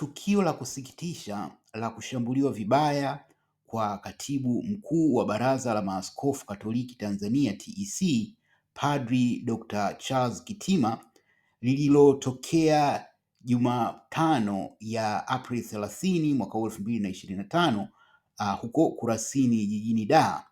tukio la kusikitisha la kushambuliwa vibaya kwa katibu mkuu wa Baraza la Maaskofu Katoliki Tanzania TEC Padri Dr. Charles Kitima lililotokea Jumatano ya Aprili thelathini mwaka elfu mbili na ishirini na tano uh, huko Kurasini jijini Dar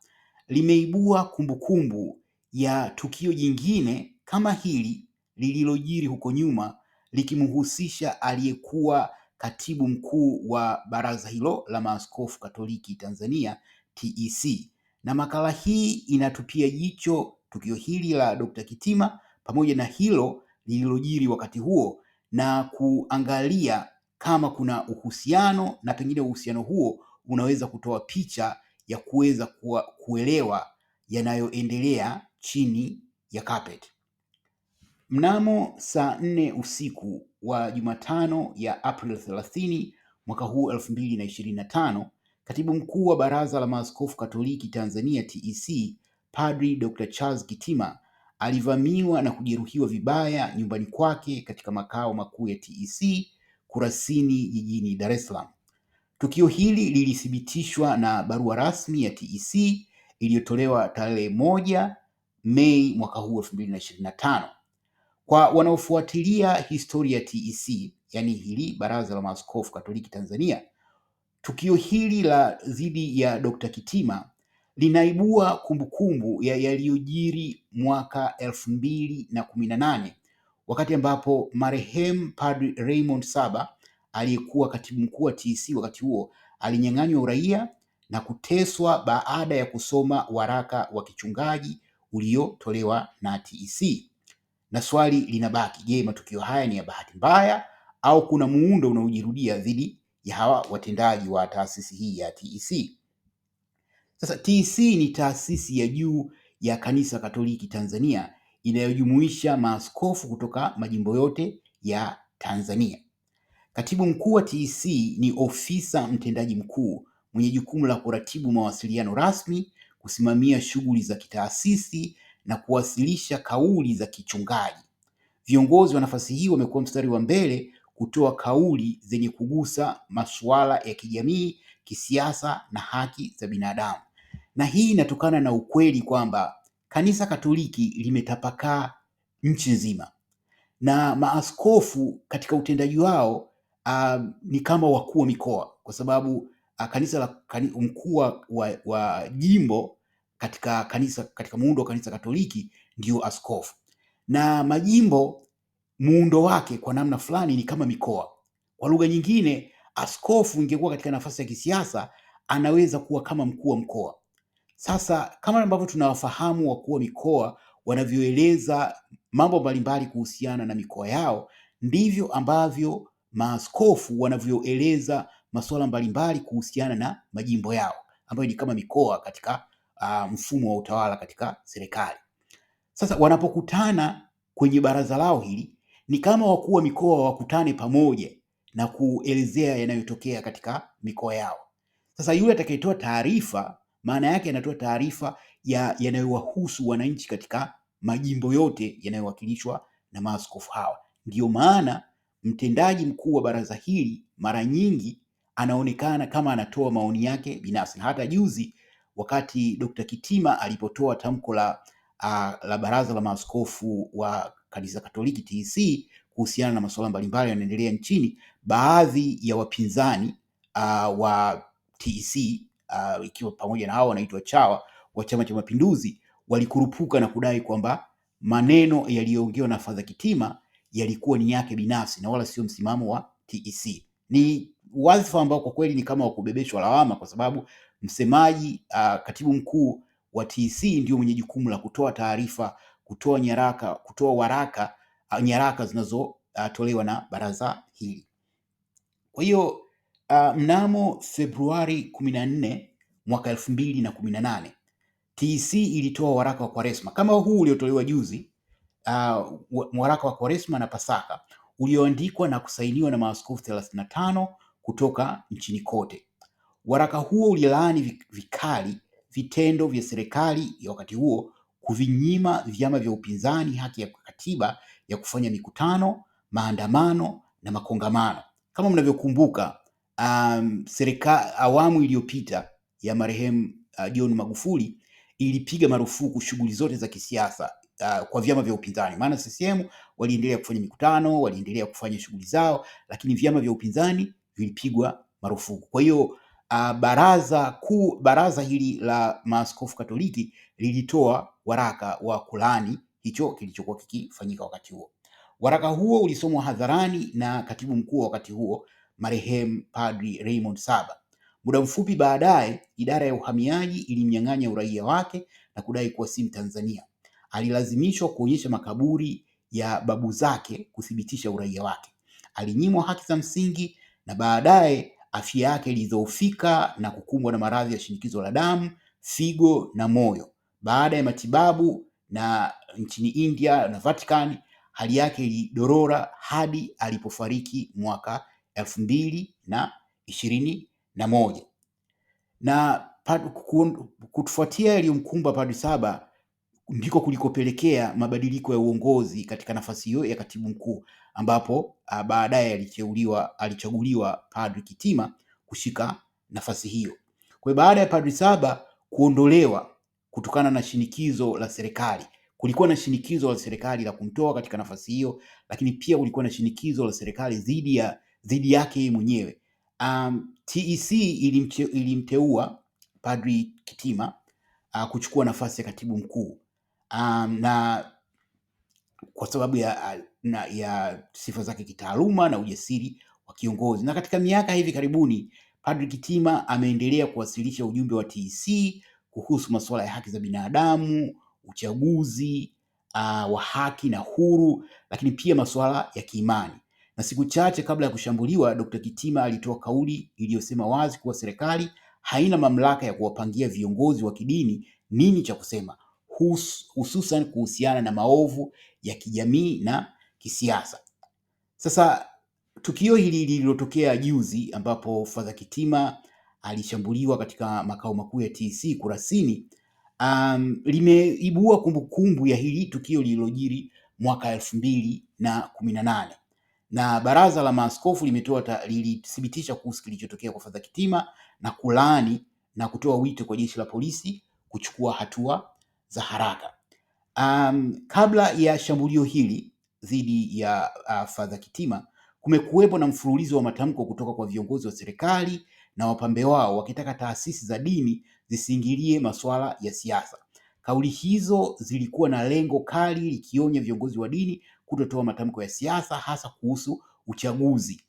limeibua kumbukumbu ya tukio jingine kama hili lililojiri huko nyuma likimhusisha aliyekuwa katibu mkuu wa baraza hilo la maaskofu Katoliki Tanzania TEC. Na makala hii inatupia jicho tukio hili la Dr. Kitima pamoja na hilo lililojiri wakati huo na kuangalia kama kuna uhusiano na pengine uhusiano huo unaweza kutoa picha ya kuweza kuelewa yanayoendelea chini ya kapeti. Mnamo saa nne usiku wa Jumatano ya April 30 mwaka huu 2025, Katibu Mkuu wa Baraza la Maaskofu Katoliki Tanzania TEC, Padri Dr. Charles Kitima alivamiwa na kujeruhiwa vibaya nyumbani kwake katika makao makuu ya TEC Kurasini jijini Dar es Salaam. Tukio hili lilithibitishwa na barua rasmi ya TEC iliyotolewa tarehe moja Mei mwaka huu 2025. Kwa wanaofuatilia historia ya TEC, yani hili Baraza la Maaskofu Katoliki Tanzania, tukio hili la dhidi ya Dr. Kitima linaibua kumbukumbu ya yaliyojiri mwaka elfu mbili na kumi na nane wakati ambapo marehemu Padre Raymond Saba aliyekuwa katibu mkuu wa TEC wakati huo alinyang'anywa uraia na kuteswa baada ya kusoma waraka wa kichungaji uliotolewa na TEC na swali linabaki, je, matukio haya ni ya bahati mbaya au kuna muundo unaojirudia dhidi ya hawa watendaji wa taasisi hii ya TEC? Sasa TEC ni taasisi ya juu ya Kanisa Katoliki Tanzania inayojumuisha maaskofu kutoka majimbo yote ya Tanzania. Katibu mkuu wa TEC ni ofisa mtendaji mkuu mwenye jukumu la kuratibu mawasiliano rasmi, kusimamia shughuli za kitaasisi na kuwasilisha kauli za kichungaji. Viongozi wa nafasi hii wamekuwa mstari wa mbele kutoa kauli zenye kugusa masuala ya kijamii, kisiasa na haki za binadamu. Na hii inatokana na ukweli kwamba Kanisa Katoliki limetapakaa nchi nzima na maaskofu katika utendaji wao uh, ni kama wakuu wa mikoa kwa sababu uh, kanisa la mkuu wa, wa jimbo katika kanisa, katika muundo wa kanisa Katoliki ndio askofu, na majimbo muundo wake kwa namna fulani ni kama mikoa. Kwa lugha nyingine, askofu ingekuwa katika nafasi ya kisiasa, anaweza kuwa kama mkuu wa mkoa. Sasa kama ambavyo tunawafahamu wakuu wa mikoa wanavyoeleza mambo mbalimbali kuhusiana na mikoa yao, ndivyo ambavyo maaskofu wanavyoeleza masuala mbalimbali kuhusiana na majimbo yao ambayo ni kama mikoa katika uh, mfumo wa utawala katika serikali. Sasa wanapokutana kwenye baraza lao hili ni kama wakuu wa mikoa wakutane pamoja na kuelezea yanayotokea katika mikoa yao. Sasa yule atakayetoa taarifa, maana yake anatoa taarifa ya yanayowahusu wananchi katika majimbo yote yanayowakilishwa na maaskofu hawa. Ndiyo maana mtendaji mkuu wa baraza hili mara nyingi anaonekana kama anatoa maoni yake binafsi, na hata juzi wakati Dr. Kitima alipotoa tamko la, la Baraza la Maaskofu wa Kanisa Katoliki TEC kuhusiana na masuala mbalimbali yanaendelea nchini, baadhi ya wapinzani uh, wa TEC uh, ikiwa pamoja na hao wanaitwa chawa wa Chama cha Mapinduzi walikurupuka na kudai kwamba maneno yaliyoongewa na fadha Kitima yalikuwa ni yake binafsi na wala sio msimamo wa TEC. Ni wadhifa ambao kwa kweli ni kama wakubebeshwa lawama, kwa sababu msemaji uh, katibu mkuu wa TC ndio mwenye jukumu la kutoa taarifa, kutoa nyaraka, kutoa waraka uh, nyaraka zinazotolewa uh, na baraza hili. Kwa hiyo uh, mnamo Februari kumi na nne mwaka elfu mbili na kumi na nane TC ilitoa waraka wa Kwaresma kama huu uliotolewa juzi uh, waraka wa Kwaresma na Pasaka ulioandikwa na kusainiwa na maaskofu 35 kutoka nchini kote. Waraka huo ulilaani vikali vitendo vya serikali ya wakati huo kuvinyima vyama vya upinzani haki ya katiba ya kufanya mikutano, maandamano na makongamano. Kama mnavyokumbuka, um, serikali awamu iliyopita ya marehemu uh, John Magufuli ilipiga marufuku shughuli zote za kisiasa uh, kwa vyama vya upinzani. Maana CCM waliendelea kufanya mikutano, waliendelea kufanya shughuli zao, lakini vyama vya upinzani vilipigwa marufuku. Kwa hiyo uh, baraza kuu, baraza hili la maaskofu Katoliki lilitoa waraka wa kulani hicho kilichokuwa kikifanyika wakati huo. Waraka huo ulisomwa hadharani na katibu mkuu wa wakati huo marehemu Padri Raymond Saba. Muda mfupi baadaye, idara ya uhamiaji ilimnyang'anya uraia wake na kudai kuwa si Mtanzania. Alilazimishwa kuonyesha makaburi ya babu zake kuthibitisha uraia wake. Alinyimwa haki za msingi na baadaye afya yake ilidhoofika na kukumbwa na maradhi ya shinikizo la damu, figo na moyo. Baada ya matibabu na nchini India na Vatican, hali yake ilidorora hadi alipofariki mwaka elfu mbili na ishirini na moja na kutufuatia yaliyomkumba Padri Saba ndiko kulikopelekea mabadiliko ya uongozi katika nafasi hiyo ya katibu mkuu, ambapo baadaye aliteuliwa, alichaguliwa Padri Kitima kushika nafasi hiyo. Kwa baada ya Padri Saba kuondolewa kutokana na shinikizo la serikali, kulikuwa na shinikizo la serikali la kumtoa katika nafasi hiyo, lakini pia kulikuwa na shinikizo la serikali dhidi ya dhidi yake yeye mwenyewe. Um, TEC ilimte, ilimteua Padri Kitima uh, kuchukua nafasi ya katibu mkuu um, na kwa sababu ya, na, ya sifa zake kitaaluma na ujasiri wa kiongozi. Na katika miaka hivi karibuni, Padri Kitima ameendelea kuwasilisha ujumbe wa TEC kuhusu masuala ya haki za binadamu, uchaguzi uh, wa haki na huru, lakini pia masuala ya kiimani. Na siku chache kabla ya kushambuliwa, Dr. Kitima alitoa kauli iliyosema wazi kuwa serikali haina mamlaka ya kuwapangia viongozi wa kidini nini cha kusema hususan kuhusiana na maovu ya kijamii na kisiasa. Sasa tukio hili lililotokea juzi ambapo Father Kitima alishambuliwa katika makao makuu ya TC Kurasini, um, limeibua kumbukumbu ya hili tukio lililojiri mwaka elfu mbili na kumi na nane na baraza la maaskofu limetoa lilithibitisha kuhusu kilichotokea kwa Father Kitima na kulaani na kutoa wito kwa jeshi la polisi kuchukua hatua za haraka. Um, kabla ya shambulio hili dhidi ya uh, Fadha Kitima kumekuwepo na mfululizo wa matamko kutoka kwa viongozi wa serikali na wapambe wao wakitaka taasisi za dini zisiingilie masuala ya siasa. Kauli hizo zilikuwa na lengo kali likionya viongozi wa dini kutotoa matamko ya siasa hasa kuhusu uchaguzi.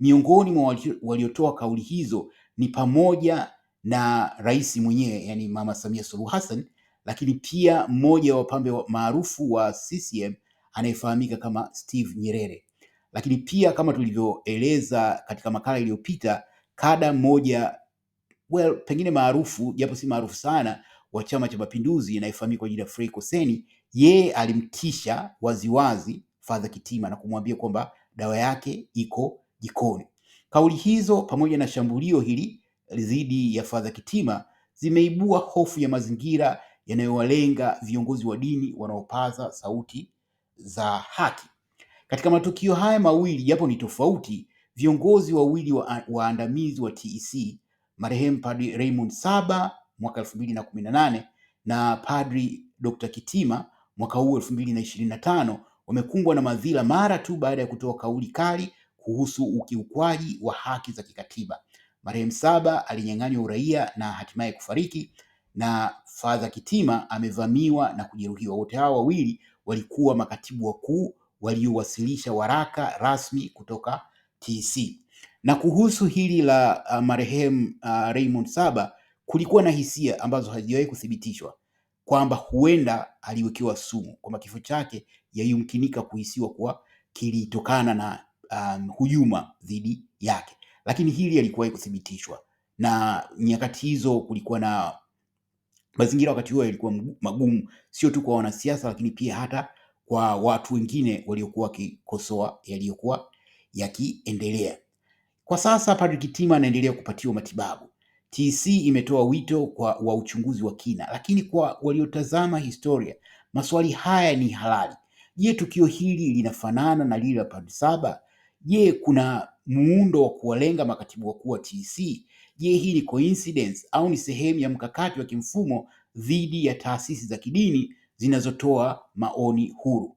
Miongoni mwa waliotoa kauli hizo ni pamoja na rais mwenyewe, yani Mama Samia Suluhu Hassan lakini pia mmoja wa wapambe maarufu wa CCM anayefahamika kama Steve Nyerere. Lakini pia kama tulivyoeleza katika makala iliyopita, kada mmoja well, pengine maarufu japo si maarufu sana wa Chama cha Mapinduzi anayefahamika kwa jina Frei Koseni, yeye alimtisha waziwazi Father Kitima na kumwambia kwamba dawa yake iko jikoni. Kauli hizo pamoja na shambulio hili dhidi ya Father Kitima zimeibua hofu ya mazingira yanayowalenga viongozi wa dini wanaopaza sauti za haki. Katika matukio haya mawili, japo ni tofauti, viongozi wawili waandamizi wa, wa TEC marehemu Padri Raymond Saba mwaka elfu mbili na kumi na nane na Padri Dr. Kitima mwaka huu elfu mbili na ishirini na tano wamekumbwa na madhila mara tu baada ya kutoa kauli kali kuhusu ukiukwaji wa haki za kikatiba. Marehemu Saba alinyang'anywa uraia na hatimaye kufariki na Fadha Kitima amevamiwa na kujeruhiwa. Wote hawa wawili walikuwa makatibu wakuu waliowasilisha waraka rasmi kutoka TC. Na kuhusu hili la uh, marehemu uh, Raymond Saba, kulikuwa na hisia ambazo hazijawahi kuthibitishwa kwamba huenda aliwekewa sumu, kwamba kifo chake yayumkinika kuhisiwa kuwa kilitokana na um, hujuma dhidi yake, lakini hili halikuwahi kuthibitishwa, na nyakati hizo kulikuwa na Mazingira wakati huo yalikuwa magumu, sio tu kwa wanasiasa, lakini pia hata kwa watu wengine waliokuwa wakikosoa yaliyokuwa yakiendelea. Kwa sasa Padri Kitima anaendelea kupatiwa matibabu. tc imetoa wito kwa, wa uchunguzi wa kina, lakini kwa waliotazama historia maswali haya ni halali. Je, tukio hili linafanana na lile la Padri Saba? Je, kuna muundo wa kuwalenga makatibu wakuu wa TC. Je, hii ni coincidence au ni sehemu ya mkakati wa kimfumo dhidi ya taasisi za kidini zinazotoa maoni huru?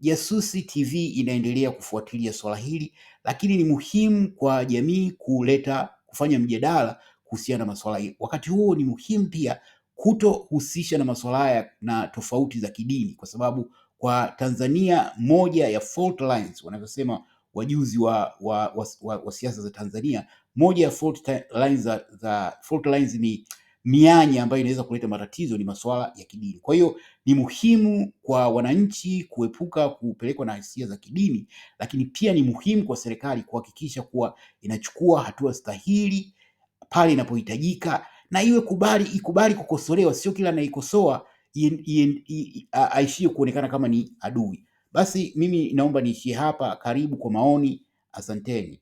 Jasusi TV inaendelea kufuatilia swala hili, lakini ni muhimu kwa jamii kuleta kufanya mjadala kuhusiana na masuala hili. Wakati huo ni muhimu pia kutohusisha na masuala haya na tofauti za kidini, kwa sababu kwa Tanzania moja ya fault lines wanavyosema wajuzi wa, wa, wa, wa, wa siasa za Tanzania, moja ya fault lines za, za fault lines ni mianya ambayo inaweza kuleta matatizo ni masuala ya kidini. Kwa hiyo ni muhimu kwa wananchi kuepuka kupelekwa na hisia za kidini, lakini pia ni muhimu kwa serikali kuhakikisha kuwa inachukua hatua stahili pale inapohitajika, na iwe kubali ikubali kukosolewa, sio kila anaikosoa aishie kuonekana kama ni adui. Basi mimi naomba niishie hapa. Karibu kwa maoni, asanteni.